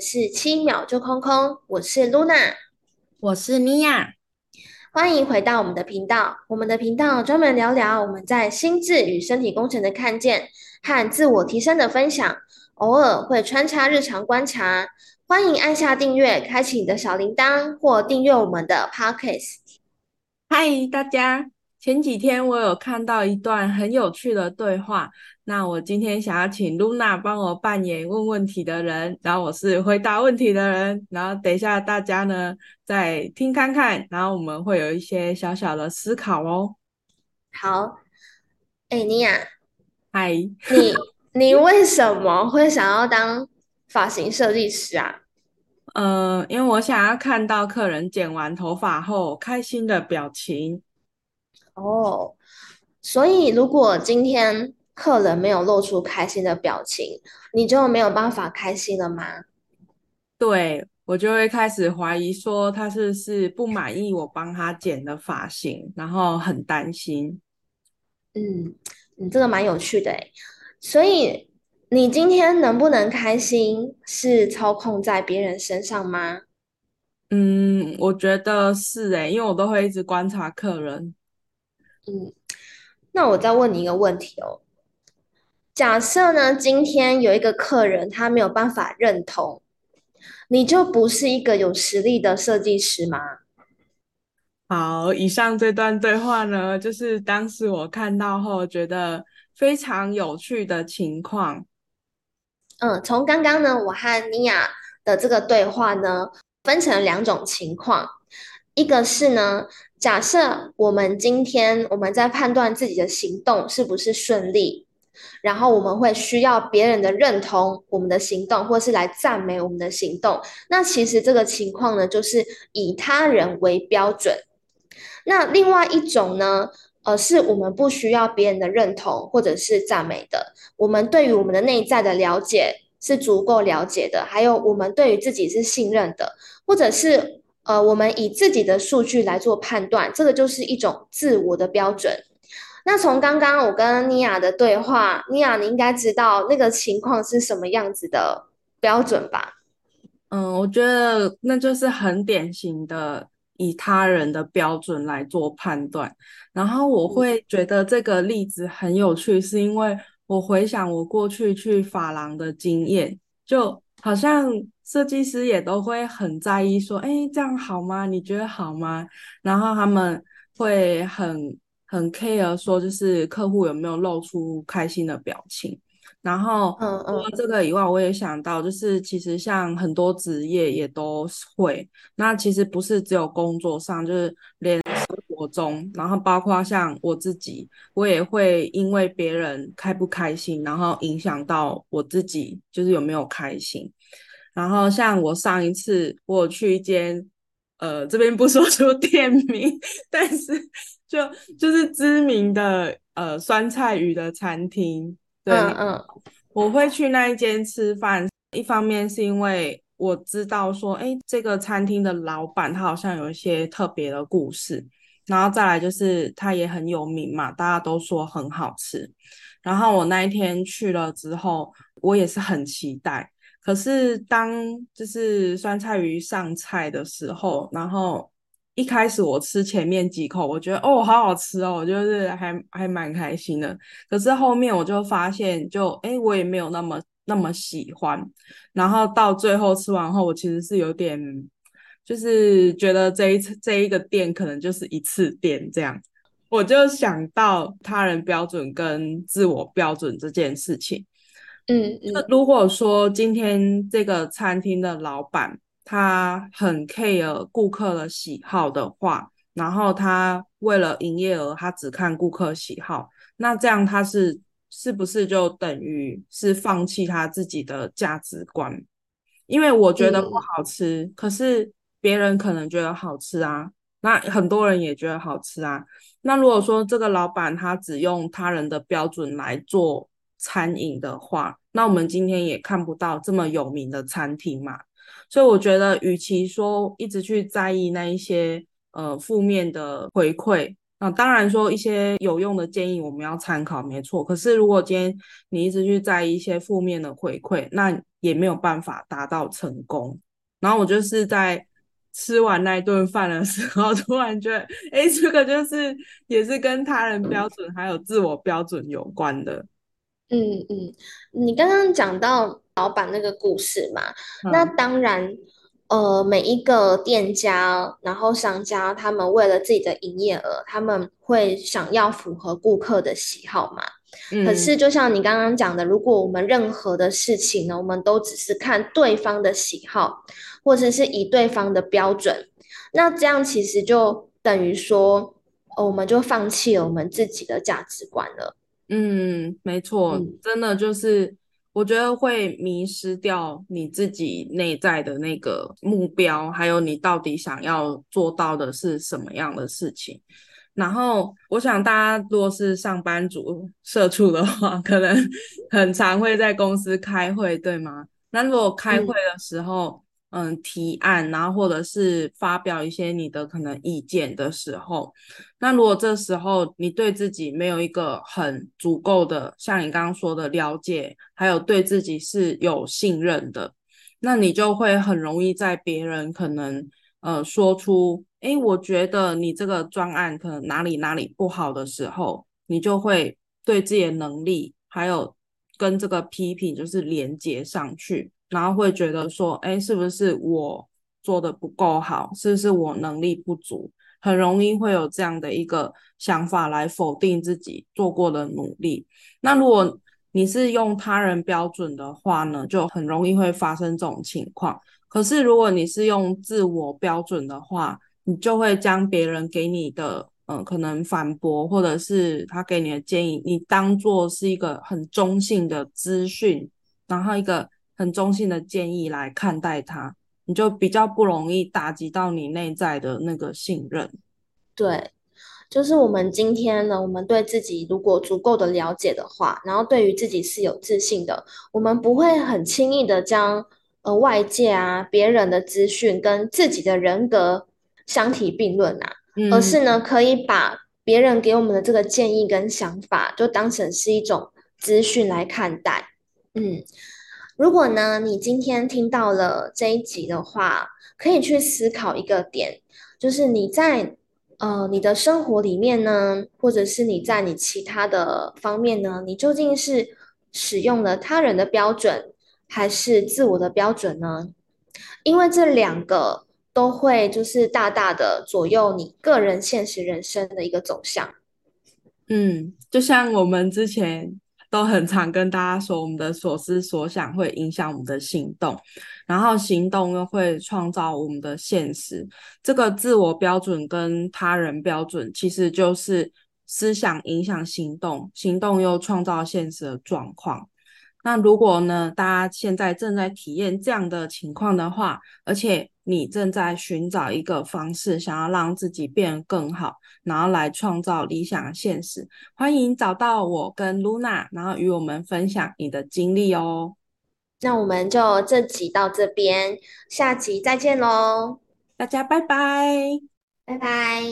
是七秒就空空，我是嚕那，我是尼婭。歡迎回到我們的頻道。我們的頻道專門聊聊我們在心智與身體工程的看見和自我提升的分享，偶爾會穿插日常觀察。歡迎按下訂閱，開啟你的小鈴鐺，或訂閱我們的 Podcast。嗨，大家！前幾天我有看到一段很有趣的對話，那我今天想要請嚕那幫我扮演問問題的人，然後我是回答問題的人，然後等一下大家呢，再聽看看，然後我們會有一些小小的思考哦。好，哎、欸，尼婭，嗨， 你你為什麼會想要當髮型設計師啊？嗯、呃，因為我想要看到客人剪完頭髮後，開心的表情。哦，所以如果今天客人沒有露出開心的表情，你就沒有辦法開心了嗎？對，我就會開始懷疑，說他是不是不滿意我幫他剪的髮型，然後很擔心。嗯，你這個蠻有趣的誒，所以你今天能不能開心，是操控在別人身上嗎？嗯，我覺得是誒，因為我都會一直觀察客人。嗯，那我再問你一個問題哦。假設呢，今天有一個客人他沒有辦法認同，你就不是一個有實力的設計師嗎？好，以上這段對話呢，就是當時我看到後覺得非常有趣的情況。嗯，從剛剛呢，我和尼婭的這個對話呢，分成兩種情況，一個是呢。假設我們今天我們在判斷自己的行動是不是順利，然後我們會需要別人的認同我們的行動，或是來讚美我們的行動。那其實這個情況呢，就是以他人為標準。那另外一種呢，呃，是我們不需要別人的認同或者是讚美的，我們對於我們的內在的了解是足夠了解的，還有我們對於自己是信任的，或者是。呃，我們以自己的數據來做判斷，這個就是一種自我的標準。那從剛剛我跟妮亞的對話，妮亞你應該知道那個情況是什麼樣子的標準吧？嗯，我覺得那就是很典型的以他人的標準來做判斷。然後我會覺得這個例子很有趣，是因為我回想我過去去髮廊的經驗，就好像。設計師也都會很在意，說：“哎，這樣好嗎？你覺得好嗎？”然後他們會很很 care，說就是客戶有沒有露出開心的表情。然後除了這個以外，我也想到，就是其實像很多職業也都會，那其實不是只有工作上，就是連生活中，然後包括像我自己，我也會因為別人開不開心，然後影響到我自己，就是有沒有開心。然後像我上一次我去一間，呃，這邊不說出店名，但是就就是知名的呃酸菜魚的餐廳，對，嗯，嗯。我會去那一間吃飯。一方面是因為我知道說，哎，這個餐廳的老板他好像有一些特別的故事，然後再來就是他也很有名嘛，大家都說很好吃。然後我那一天去了之後，我也是很期待。可是當就是酸菜魚上菜的時候，然後一開始我吃前面幾口，我覺得哦好好吃哦，我就是還還蠻開心的。可是後面我就發現就，就哎我也沒有那麼那麼喜歡。然後到最後吃完後，我其實是有點就是覺得這一次這一個店可能就是一次店這樣。我就想到他人標準跟自我標準這件事情。嗯，那、嗯、如果說今天這個餐廳的老闆他很 care 顧客的喜好的話，然後他為了營業額，他只看顧客喜好，那這樣他是是不是就等於是放棄他自己的價值觀？因為我覺得不好吃，嗯，可是別人可能覺得好吃啊，那很多人也覺得好吃啊。那如果說這個老闆他只用他人的標準來做餐飲的話，那我們今天也看不到這麼有名的餐廳嘛，所以我覺得，與其說一直去在意那一些呃負面的回饋，那、啊、當然說一些有用的建議我們要參考沒錯。可是如果今天你一直去在意一些負面的回饋，那也沒有辦法達到成功。然後我就是在吃完那頓飯的時候，突然覺得，哎、欸，這個就是也是跟他人標準還有自我標準有關的。嗯嗯，你剛剛講到老闆那個故事嘛、嗯，那當然，呃，每一個店家，然後商家，他們為了自己的營業額，他們會想要符合顧客的喜好嘛、嗯。可是就像你剛剛講的，如果我們任何的事情呢，我們都只是看對方的喜好，或者是以對方的標準，那這樣其實就等於說，呃，我們就放棄了我們自己的價值觀了。嗯，沒錯，嗯，真的就是，我覺得會迷失掉你自己內在的那個目標，還有你到底想要做到的是什麼樣的事情。然後，我想大家如果是上班族、社畜的話，可能很常會在公司開會，對嗎？那如果開會的時候，嗯。嗯，提案，然後或者是發表一些你的可能意見的時候，那如果這時候你對自己沒有一個很足夠的，像你剛剛說的了解，還有對自己是有信任的，那你就會很容易在別人可能呃說出，誒，我覺得你這個專案可能哪裡哪裡不好的時候，你就會對自己的能力還有。跟這個批評就是連接上去，然後會覺得說，哎，是不是我做得不夠好？是不是我能力不足？很容易會有這樣的一個想法來否定自己做過的努力。那如果你是用他人標準的話呢，就很容易會發生這種情況。可是如果你是用自我標準的話，你就會將別人給你的。嗯、呃，可能反駁，或者是他給你的建議，你當做是一個很中性的資訊，然後一個很中性的建議來看待它，你就比較不容易打擊到你內在的那個信任。對，就是我們今天呢，我們對自己如果足夠的了解的話，然後對於自己是有自信的，我們不會很輕易的將呃外界啊，別人的資訊跟自己的人格相提並論吶、啊。而是呢，可以把別人給我們的這個建議跟想法，就當成是一種資訊來看待。嗯，如果呢，你今天聽到了這一集的話，可以去思考一個點，就是你在呃你的生活裡面呢，或者是你在你其他的方面呢，你究竟是使用了他人的標準，還是自我的標準呢？因為這兩個，都會就是大大的左右你個人現實人生的一個走向。嗯，就像我們之前都很常跟大家說，我們的所思所想會影響我們的行動，然後行動又會創造我們的現實。這個自我標準跟他人標準，其實就是思想影響行動，行動又創造現實的狀況。那如果呢，大家現在正在體驗這樣的情況的話，而且。你正在尋找一個方式，想要讓自己變更好，然後來創造理想的現實。歡迎找到我跟嚕那，然後與我們分享你的經歷哦。那我們就這集到這邊，下集再見嘍，大家拜拜，拜拜。